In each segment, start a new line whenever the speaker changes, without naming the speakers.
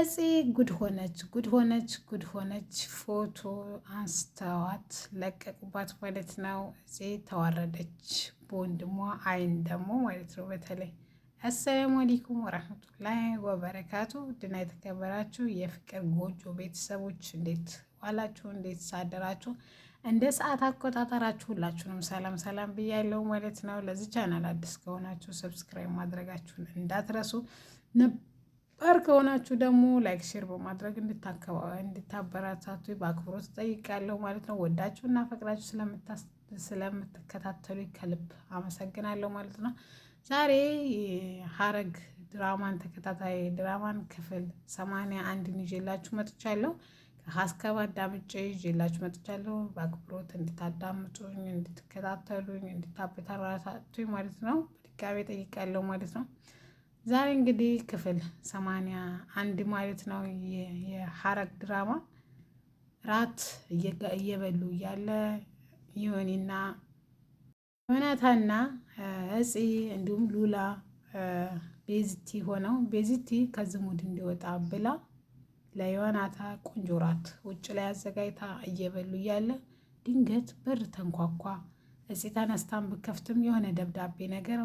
አፄ ጉድ ሆነች ጉድ ሆነች ጉድ ሆነች። ፎቶ አንስተዋት ለቀቁባት ማለት ነው። እዚ ተዋረደች በወንድሟ አይን ደግሞ ማለት ነው። በተለይ አሰላሙ አለይኩም ወራህመቱላሂ ወበረካቱ። ድና የተከበራችሁ የፍቅር ጎጆ ቤተሰቦች እንዴት ዋላችሁ? እንዴት ሳደራችሁ? እንደ ሰዓት አቆጣጠራችሁ ሁላችሁንም ሰላም ሰላም ብያለሁ ማለት ነው። ለዚህ ቻናል አዲስ ከሆናችሁ ሰብስክራይብ ማድረጋችሁን እንዳትረሱ። ፓር ከሆናችሁ ደግሞ ላይክ ሼር በማድረግ እንድታበረታቱ በአክብሮት ጠይቃለሁ ማለት ነው። ወዳችሁ እና ፈቅዳችሁ ስለምትከታተሉ ከልብ አመሰግናለሁ ማለት ነው። ዛሬ ሀረግ ድራማን ተከታታይ ድራማን ክፍል ሰማንያ አንድን ይዤላችሁ መጥቻለሁ። ከሀስከብ አዳምጬ ይዤላችሁ መጥቻለሁ። በአክብሮት እንድታዳምጡኝ፣ እንድትከታተሉኝ፣ እንድታበረታቱኝ ማለት ነው። በድጋሜ ጠይቃለሁ ማለት ነው። ዛሬ እንግዲህ ክፍል ሰማንያ አንድ ማለት ነው የሀረግ ድራማ ራት እየበሉ እያለ ዮኒና እውነታና እጽ እንዲሁም ሉላ ቤዝቲ ሆነው ቤዝቲ ከዝሙድ እንዲወጣ ብላ ለዮናታ ቆንጆ ራት ውጭ ላይ አዘጋጅታ እየበሉ እያለ ድንገት በር ተንኳኳ። እጽ ተነስታን ብከፍትም የሆነ ደብዳቤ ነገር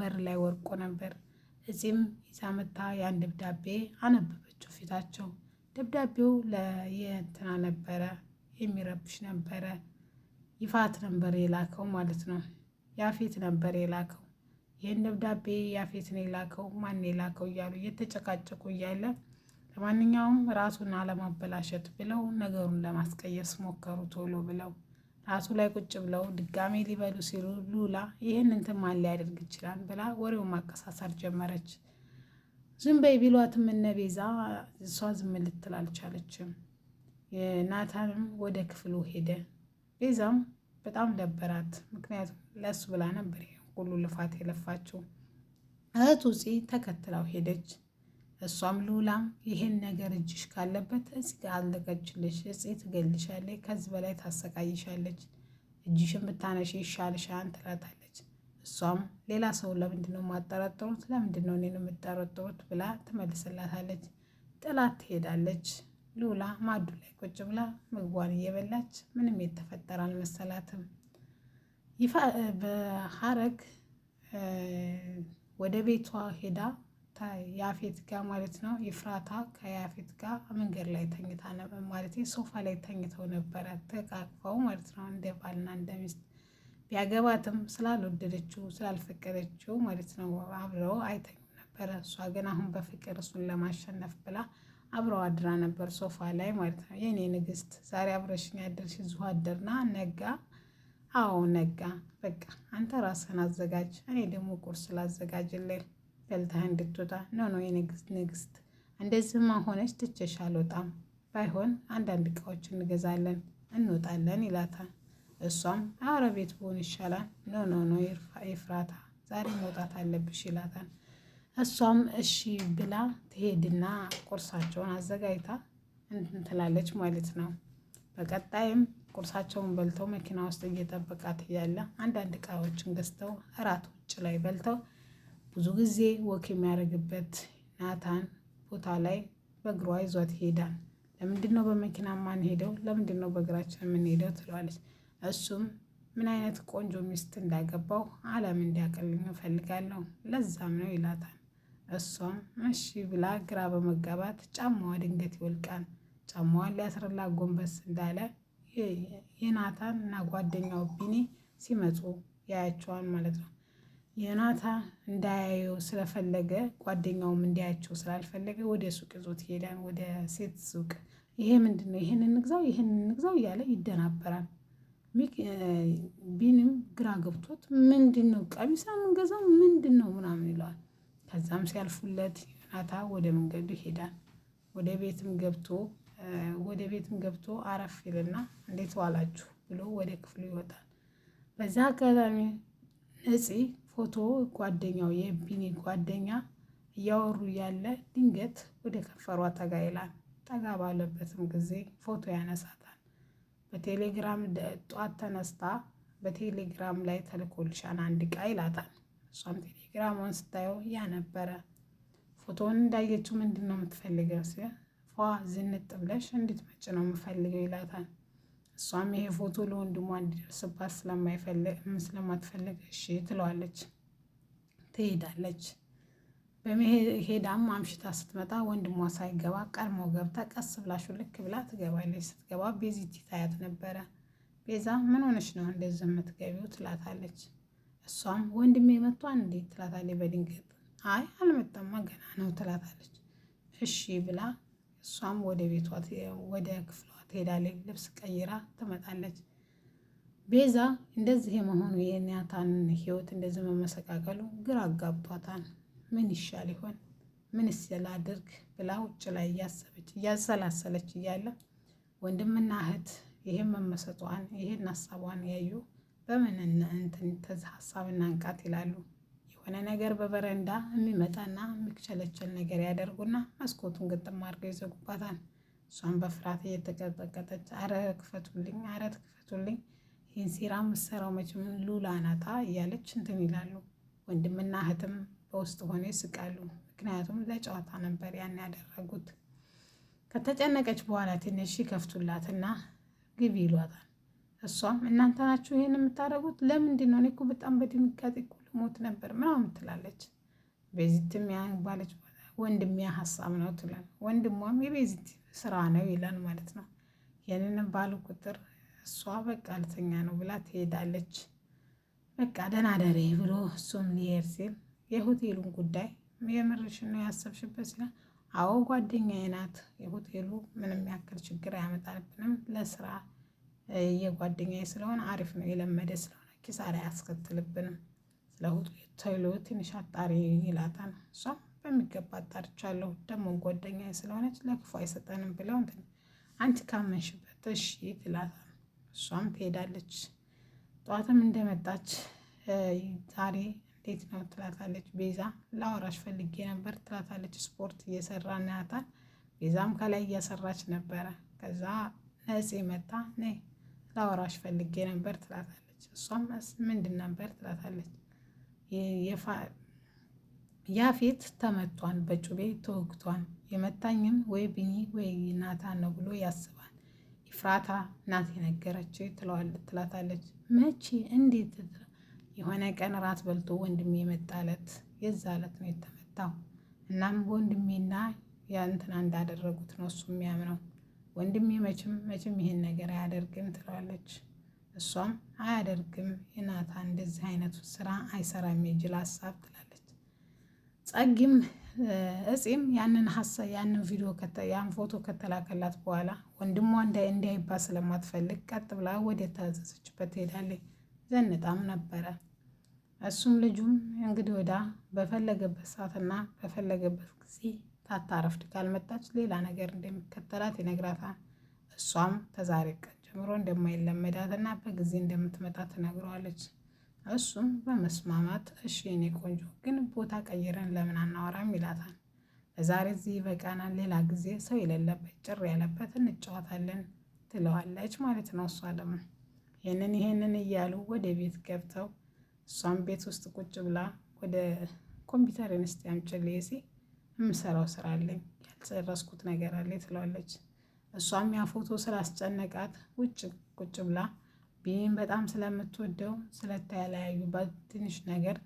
በር ላይ ወርቆ ነበር። እዚህም ይዛ መታ ያን ደብዳቤ አነበበችው ፊታቸው። ደብዳቤው ለየትና ነበረ የሚረብሽ ነበረ። ይፋት ነበር የላከው ማለት ነው። ያፌት ነበር የላከው ይህን ደብዳቤ ያፌት ነው የላከው። ማን የላከው እያሉ እየተጨቃጨቁ እያለ ለማንኛውም ራሱን አለማበላሸት ብለው ነገሩን ለማስቀየስ ሞከሩ ቶሎ ብለው ራሱ ላይ ቁጭ ብለው ድጋሜ ሊበሉ ሲሉ ሉላ ይህን እንትን ማን ሊያደርግ ይችላል ብላ ወሬው ማቀሳሰር ጀመረች። ዝም በይ ቢሏትም እነ ቤዛ እሷ ዝም ልትል አልቻለችም። ናታንም ወደ ክፍሉ ሄደ። ቤዛም በጣም ደበራት። ምክንያቱም ለእሱ ብላ ነበር ሁሉ ልፋት የለፋችው። እህት ውጪ ተከትላው ሄደች። እሷም ሉላ ይሄን ነገር እጅሽ ካለበት እጽ አለቀችልሽ፣ እጽ ትገልሻለች፣ ከዚህ በላይ ታሰቃይሻለች፣ እጅሽን ብታነሽ ይሻልሻን ትላታለች። እሷም ሌላ ሰው ለምንድን ነው የማጠረጥሩት? ለምንድን ነው እኔን የምጠረጥሩት? ብላ ትመልስላታለች። ጥላት ትሄዳለች። ሉላ ማዱ ላይ ቁጭ ብላ ምግቧን እየበላች ምንም የተፈጠረ አልመሰላትም። በሀረግ ወደ ቤቷ ሄዳ ያፌት ጋር ማለት ነው። ኤፍራታ ከያፌት ጋር መንገድ ላይ ተኝታ ነበር ማለት ሶፋ ላይ ተኝተው ነበረ ተቃቅፈው ማለት ነው። እንደ ባልና እንደ ሚስት ቢያገባትም ስላልወደደችው ስላልፈቀደችው ማለት ነው አብረው አይተኙም ነበረ። እሷ ግን አሁን በፍቅር እሱን ለማሸነፍ ብላ አብረው አድራ ነበር ሶፋ ላይ ማለት ነው። የኔ ንግስት ዛሬ አብረሽኝ ያደርሽ እዚሁ አደርና ነጋ አዎ ነጋ። በቃ አንተ ራስህን አዘጋጅ፣ እኔ ደግሞ ቁርስ ላዘጋጅልን በልታህ እንድትወጣ ነው ነው የንግስት ንግስት እንደዚህማ ሆነች ትቼሽ አልወጣም፣ ባይሆን አንዳንድ እቃዎች እንገዛለን እንወጣለን ይላታል። እሷም አረ ቤት ብሆን ይሻላል፣ ኖ ኖ ኖ ኤፍራታ ዛሬ መውጣት አለብሽ ይላታል። እሷም እሺ ብላ ትሄድና ቁርሳቸውን አዘጋጅታ እንትን ትላለች ማለት ነው። በቀጣይም ቁርሳቸውን በልተው መኪና ውስጥ እየጠበቃት እያለ አንዳንድ እቃዎችን ገዝተው እራት ውጭ ላይ በልተው ብዙ ጊዜ ወክ የሚያደርግበት ናታን ቦታ ላይ በእግሯ ይዟት ይሄዳል። ለምንድን ነው በመኪና ማንሄደው? ለምንድን ነው በእግራችን የምንሄደው? ትለዋለች። እሱም ምን አይነት ቆንጆ ሚስት እንዳገባው ዓለም እንዲያቀልኝ እፈልጋለሁ ለዛም ነው ይላታል። እሷም እሺ ብላ ግራ በመጋባት ጫማዋ ድንገት ይወልቃል። ጫማዋን ሊያስረላ ጎንበስ እንዳለ የናታን እና ጓደኛው ቢኒ ሲመጡ ያያቸዋል ማለት ነው። የናታ እንዳያየው ስለፈለገ ጓደኛውም እንዲያቸው ስላልፈለገ ወደ ሱቅ ይዞት ይሄዳል። ወደ ሴት ሱቅ ይሄ ምንድን ነው? ይህን እንግዛው፣ ይህን እንግዛው እያለ ይደናበራል። ቢንም ግራ ገብቶት ምንድን ነው ቀሚስ የምንገዛው ምንድን ነው ምናምን ይለዋል። ከዛም ሲያልፉለት ናታ ወደ መንገዱ ይሄዳል። ወደ ቤትም ገብቶ ወደ ቤትም ገብቶ አረፍ ይልና እንዴት ዋላችሁ ብሎ ወደ ክፍሉ ይወጣል። በዛ አጋጣሚ ነፂ ፎቶ ጓደኛው የቢኒ ጓደኛ እያወሩ ያለ ድንገት ወደ ከንፈሯ ጠጋ ይላል። ጠጋ ባለበትም ጊዜ ፎቶ ያነሳታል። በቴሌግራም ጠዋት ተነስታ በቴሌግራም ላይ ተልኮልሻን አንድ ዕቃ ይላታል። እሷም ቴሌግራሟን ስታየው ያ ነበረ። ፎቶውን እንዳየችው ምንድን ነው የምትፈልገው? ፏ ዝንጥ ብለሽ እንድትመጭ ነው የምፈልገው ይላታል። እሷም ይሄ ፎቶ ለወንድሟ እንዲደርስባት ስለማትፈልግ እሺ ትለዋለች። ትሄዳለች። በመሄዳም አምሽታ ስትመጣ ወንድሟ ሳይገባ ቀድሞ ገብታ ቀስ ብላሹ ልክ ብላ ትገባለች። ስትገባ ቤዚቲ ታያት ነበረ። ቤዛ ምን ሆነች ነው እንደዚህ የምትገቢው ትላታለች። እሷም ወንድሜ መቷን እንዴ ትላታለች በድንገት አይ አልመጣማ ገና ነው ትላታለች። እሺ ብላ እሷም ወደ ቤቷ ወደ ክፍሏ ትሄዳለች፣ ልብስ ቀይራ ትመጣለች። ቤዛ እንደዚህ የመሆኑ የናታንን ህይወት እንደዚህ መመሰቃቀሉ ግራ አጋብቷታል። ምን ይሻል ይሆን? ምንስ ላድርግ ብላ ውጭ ላይ እያሰበች እያሰላሰለች እያለ ወንድምና እህት ይህን መመሰጧን ይህን ሀሳቧን ያዩ በምን እንትን ተዛ ሀሳብና እንቃት ይላሉ። የሆነ ነገር በበረንዳ የሚመጣና የሚክቸለቸል ነገር ያደርጉና መስኮቱን ግጥም አድርገው ይዘጉባታል። እሷም በፍርሃት እየተቀጠቀጠች አረ ክፈቱልኝ፣ አረ ክፈቱልኝ፣ ይህን ሴራ ምሰራው መቼም ሉላ ናታ እያለች እንትን ይላሉ። ወንድምና እህትም በውስጥ ሆነ ይስቃሉ። ምክንያቱም ለጨዋታ ነበር ያን ያደረጉት። ከተጨነቀች በኋላ ትንሽ ይከፍቱላትና ግቢ ይሏታል። እሷም እናንተ ናችሁ ይህን የምታደርጉት? ለምንድን ነው? እኔ እኮ በጣም በድንጋጤ እኮ ልሞት ነበር ምናምን ትላለች። በዚህ ትም ያን ባለች ወንድሜ ሀሳብ ነው ትላል። ወንድሟም የቤዚት ስራ ነው ይላል ማለት ነው። ያንን ባሉ ቁጥር እሷ በቃ ልተኛ ነው ብላ ትሄዳለች። በቃ ደህና ደሬ ብሎ እሱም ሊሄድ ሲል የሆቴሉን ጉዳይ የምርሽ ነው ያሰብሽበት ሲላል፣ አዎ ጓደኛዬ ናት። የሆቴሉ ምንም ያክል ችግር አያመጣልብንም። ለስራ የጓደኛዬ ስለሆነ አሪፍ ነው፣ የለመደ ስለሆነ ኪሳራ አያስከትልብንም። ስለሆቴሉ ትንሽ አጣሪ ይላታል እሷም በሚገባ አጣርቻለሁ፣ ደግሞ ጓደኛ ስለሆነች ለክፉ አይሰጠንም ብለው እንትን አንቺ ካመንሽበት እሺ ትላታል። እሷም ትሄዳለች። ጠዋትም እንደመጣች ዛሬ እንዴት ነው ትላታለች። ቤዛ ላወራሽ ፈልጌ ነበር ትላታለች። ስፖርት እየሰራ ናያታል። ቤዛም ከላይ እያሰራች ነበረ። ከዛ ነፄ መጣ። ነ ላወራሽ ፈልጌ ነበር ትላታለች። እሷም ምንድን ነበር ትላታለች ያፌት ተመቷን፣ በጩቤ ተወግቷን፣ የመታኝም ወይ ቢኒ ወይ ናታ ነው ብሎ ያስባል። ይፍራታ ናት የነገረችው ትላታለች። መቼ እንዴት? የሆነ ቀን ራት በልቶ ወንድሜ የመጣለት የዛ ዕለት ነው የተመታው። እናም ወንድሜና ያንትና እንዳደረጉት ነው እሱ የሚያምነው። ወንድሜ መቼም መቼም ይህን ነገር አያደርግም ትለዋለች። እሷም አያደርግም የናታ እንደዚህ አይነቱ ስራ አይሰራም የጅል ሀሳብ ትላለች። ጸጊም እጺም ያንን ሀሳ ያንን ቪዲዮ ያን ፎቶ ከተላከላት በኋላ ወንድሟ እንዳይባ ስለማትፈልግ ቀጥ ብላ ወደ ታዘዘችበት ትሄዳለች። ዘንጣም ነበረ። እሱም ልጁም እንግዲህ ወዳ በፈለገበት ሰዓትና በፈለገበት ጊዜ ታታረፍድ ካልመጣች ሌላ ነገር እንደሚከተላት ይነግራታል። እሷም ከዛሬ ቀን ጀምሮ እንደማይለመዳትና በጊዜ እንደምትመጣ ትነግረዋለች። እሱም በመስማማት እሺ የኔ ቆንጆ ግን ቦታ ቀይረን ለምን አናወራም ይላታል። ለዛሬ እዚህ ይበቃናል፣ ሌላ ጊዜ ሰው የሌለበት ጭር ያለበት እንጫወታለን ትለዋለች ማለት ነው። እሷ ደግሞ ይህንን ይሄንን እያሉ ወደ ቤት ገብተው እሷም ቤት ውስጥ ቁጭ ብላ ወደ ኮምፒውተር ንስቲ አምጪልኝ ሲ የምሰራው ስራ አለኝ ያልጨረስኩት ነገር አለ ትለዋለች። እሷም ያ ፎቶ ስላስጨነቃት ውጭ ቁጭ ብላ ቢኒን በጣም ስለምትወደው ስለተለያዩባት ትንሽ ነገር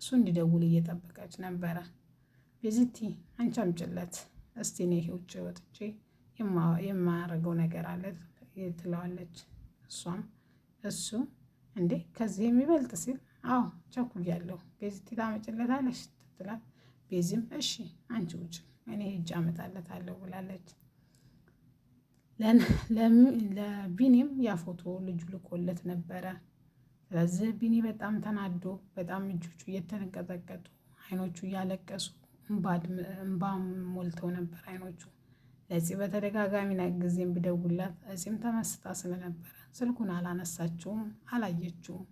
እሱ እንዲደውል እየጠበቀች ነበረ። ቤዚቲ አንቺ አምጪለት እስቲ እኔ ውጭ ወጥቼ የማያደርገው ነገር አለ ትለዋለች። እሷም እሱ እንዴ ከዚህ የሚበልጥ ሲል አዎ ቸኩያለሁ፣ ቤዚቲ ታመጭለታለች ትላት። ቤዚም እሺ አንቺ ውጭ እኔ ሂጅ አመጣለታለሁ ብላለች። ለቢኒም ያ ፎቶ ልጁ ልኮለት ነበረ። ስለዚህ ቢኒ በጣም ተናዶ በጣም እጆቹ እየተንቀጠቀጡ አይኖቹ እያለቀሱ እንባ ሞልተው ነበር አይኖቹ። ለዚህ በተደጋጋሚ ጊዜም ብደውላት እዚህም ተመስጣ ስለነበረ ስልኩን አላነሳችውም፣ አላየችውም።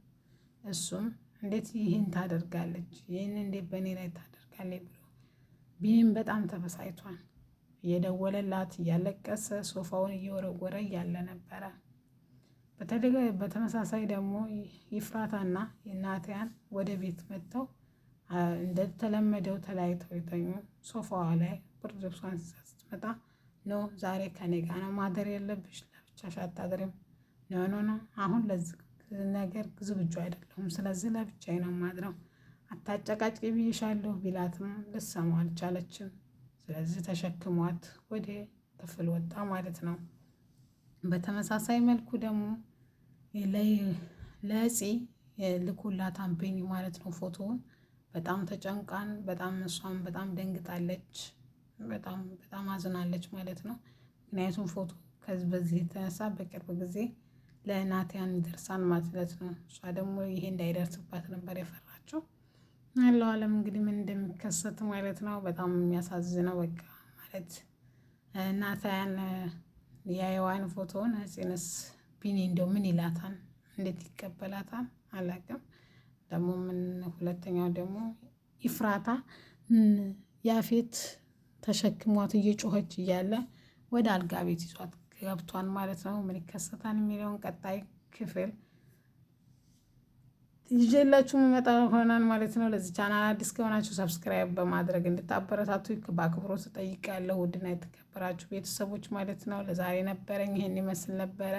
እሱም እንዴት ይህን ታደርጋለች? ይህን እንዴት በእኔ ላይ ታደርጋለች? ብሎ ቢኒም በጣም ተበሳይቷል። እየደወለላት እያለቀሰ ሶፋውን እየወረወረ እያለ ነበረ። በተመሳሳይ ደግሞ ይፍራታና ናታን ወደ ቤት መጥተው እንደተለመደው ተለያይተው የተኙ። ሶፋዋ ላይ ብርድ ልብሷን ስትመጣ ኖ ዛሬ ከኔ ጋ ነው ማደር የለብሽ፣ ለብቻሽ አታድሪም። ኖ ኖ ኖ አሁን ለዚህ ነገር ዝግጁ አይደለሁም፣ ስለዚህ ለብቻዬ ነው ማድረው። አታጨቃጭቂ ብይሻለሁ ቢላትም ልሰማ አልቻለችም። ስለዚህ ተሸክሟት ወደ ክፍል ወጣ ማለት ነው። በተመሳሳይ መልኩ ደግሞ ለእፂ ልኮላት አምፔኒ ማለት ነው ፎቶውን። በጣም ተጨንቃን፣ በጣም እሷም በጣም ደንግጣለች፣ በጣም በጣም አዝናለች ማለት ነው። ምክንያቱም ፎቶ ከዚህ በዚህ የተነሳ በቅርብ ጊዜ ለናቲያን ይደርሳል ማለት ነው። እሷ ደግሞ ይሄ እንዳይደርስባት ነበር የፈራችው። ያለው ዓለም እንግዲህ ምን እንደሚከሰት ማለት ነው። በጣም የሚያሳዝነው በቃ ማለት ናታያን የአይዋን ፎቶውን ጽንስ ቢኒ እንደው ምን ይላታል? እንዴት ይቀበላታል? አላቅም። ደግሞ ምን ሁለተኛው ደግሞ ይፍራታ ያፌት ተሸክሟት እየጮኸች እያለ ወደ አልጋ ቤት ይዟት ገብቷል ማለት ነው። ምን ይከሰታል የሚለውን ቀጣይ ክፍል ይዤላችሁ መመጣ ሆናል ማለት ነው። ለዚህ ቻናል አዲስ ከሆናችሁ ሰብስክራይብ በማድረግ እንድታበረታቱ በአክብሮ እጠይቃለሁ። ውድና የተከበራችሁ ቤተሰቦች ማለት ነው። ለዛሬ ነበረኝ ይህን ይመስል ነበረ።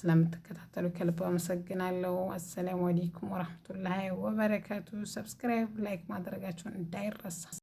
ስለምትከታተሉ ከልብ አመሰግናለሁ። አሰላሙ አለይኩም ወራህመቱላሂ ወበረካቱ። ሰብስክራይብ ላይክ ማድረጋችሁን እንዳይረሳ።